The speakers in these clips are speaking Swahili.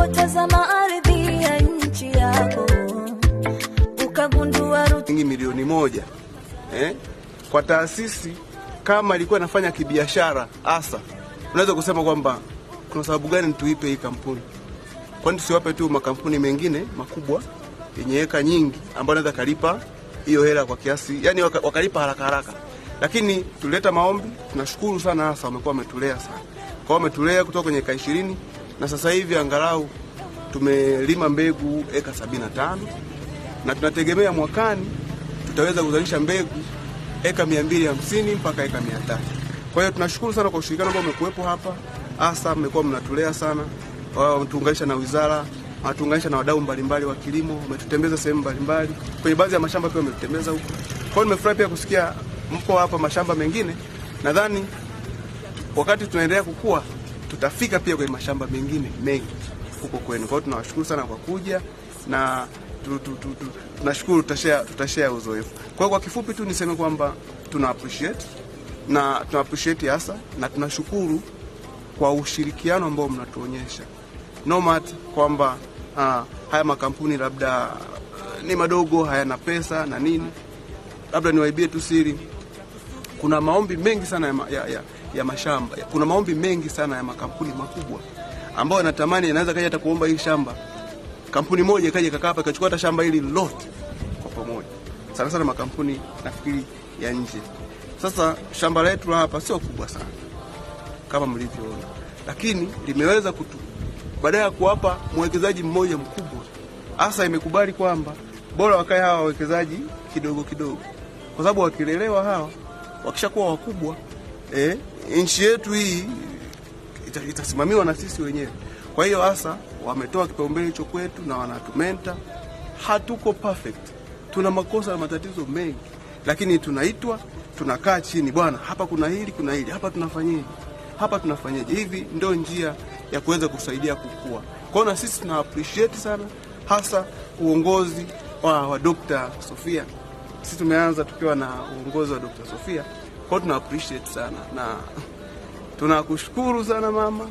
ulipotazama ardhi ya nchi yako ukagundua shilingi milioni moja eh? Kwa taasisi kama ilikuwa inafanya kibiashara hasa, unaweza kusema kwamba kuna sababu gani tuipe hii kampuni? Kwani tusiwape tu makampuni mengine makubwa yenye heka nyingi ambayo anaweza kalipa hiyo hela kwa kiasi, yani wakalipa haraka haraka. Lakini tulileta maombi, tunashukuru sana, hasa wamekuwa wametulea sana, kwao, wametulea kutoka kwenye eka ishirini na sasa hivi angalau tumelima mbegu eka 75 na tunategemea mwakani tutaweza kuzalisha mbegu eka 250 mpaka eka 300. Kwa hiyo tunashukuru sana kwa ushirikiano ambao umekuwepo hapa, hasa mmekuwa mnatulea sana, wametuunganisha na wizara, wanatuunganisha na wadau mbalimbali wa kilimo, wametutembeza sehemu mbalimbali, kwenye baadhi ya mashamba pia wametutembeza huko. Kwa hiyo nimefurahi pia kusikia mko hapa mashamba mengine, nadhani wakati tunaendelea kukua tutafika pia kwenye mashamba mengine mengi huko kwenu. Kwa hiyo tunawashukuru sana kwa kuja na tunashukuru tutashea uzoefu. Kwa hiyo kwa kifupi tu niseme kwamba tuna appreciate na tuna appreciate hasa na tunashukuru kwa ushirikiano ambao mnatuonyesha nomad kwamba uh, haya makampuni labda uh, ni madogo hayana pesa na nini, labda niwaibie tu siri, kuna maombi mengi sana ya, ya, ya ya mashamba. Kuna maombi mengi sana ya makampuni makubwa ambao anatamani anaweza kaja hata kuomba hii shamba, kampuni moja ikaja kakaa hapa ikachukua hata shamba hili lote kwa pamoja, sana sana makampuni nafikiri ya nje. Sasa shamba letu hapa sio kubwa sana kama mlivyoona, lakini limeweza kutu baada ya kuwapa mwekezaji mmoja mkubwa, hasa imekubali kwamba bora wakae hawa wawekezaji kidogo kidogo, kwa sababu wakilelewa hawa wakishakuwa wakubwa eh, nchi yetu hii itasimamiwa na sisi wenyewe. Kwa hiyo hasa wametoa kipaumbele hicho kwetu na wanatumenta. Hatuko perfect, tuna makosa na matatizo mengi, lakini tunaitwa tunakaa chini, bwana, hapa kuna hili, kuna hili hapa, tunafanyeje? Hapa tunafanyeje? Hivi ndio njia ya kuweza kusaidia kukua kwao, na sisi tuna appreciate sana, hasa uongozi wa, wa Dr. Sofia. Sisi tumeanza tukiwa na uongozi wa Dr. Sofia. Kwa tuna appreciate sana na tunakushukuru sana mama,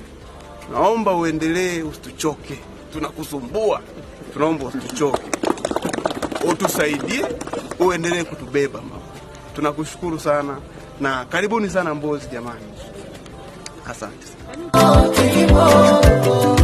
naomba uendelee, usituchoke, tunakusumbua, tunaomba usituchoke, utusaidie, uendelee kutubeba mama, tunakushukuru sana na karibuni sana Mbozi jamani, asante sana.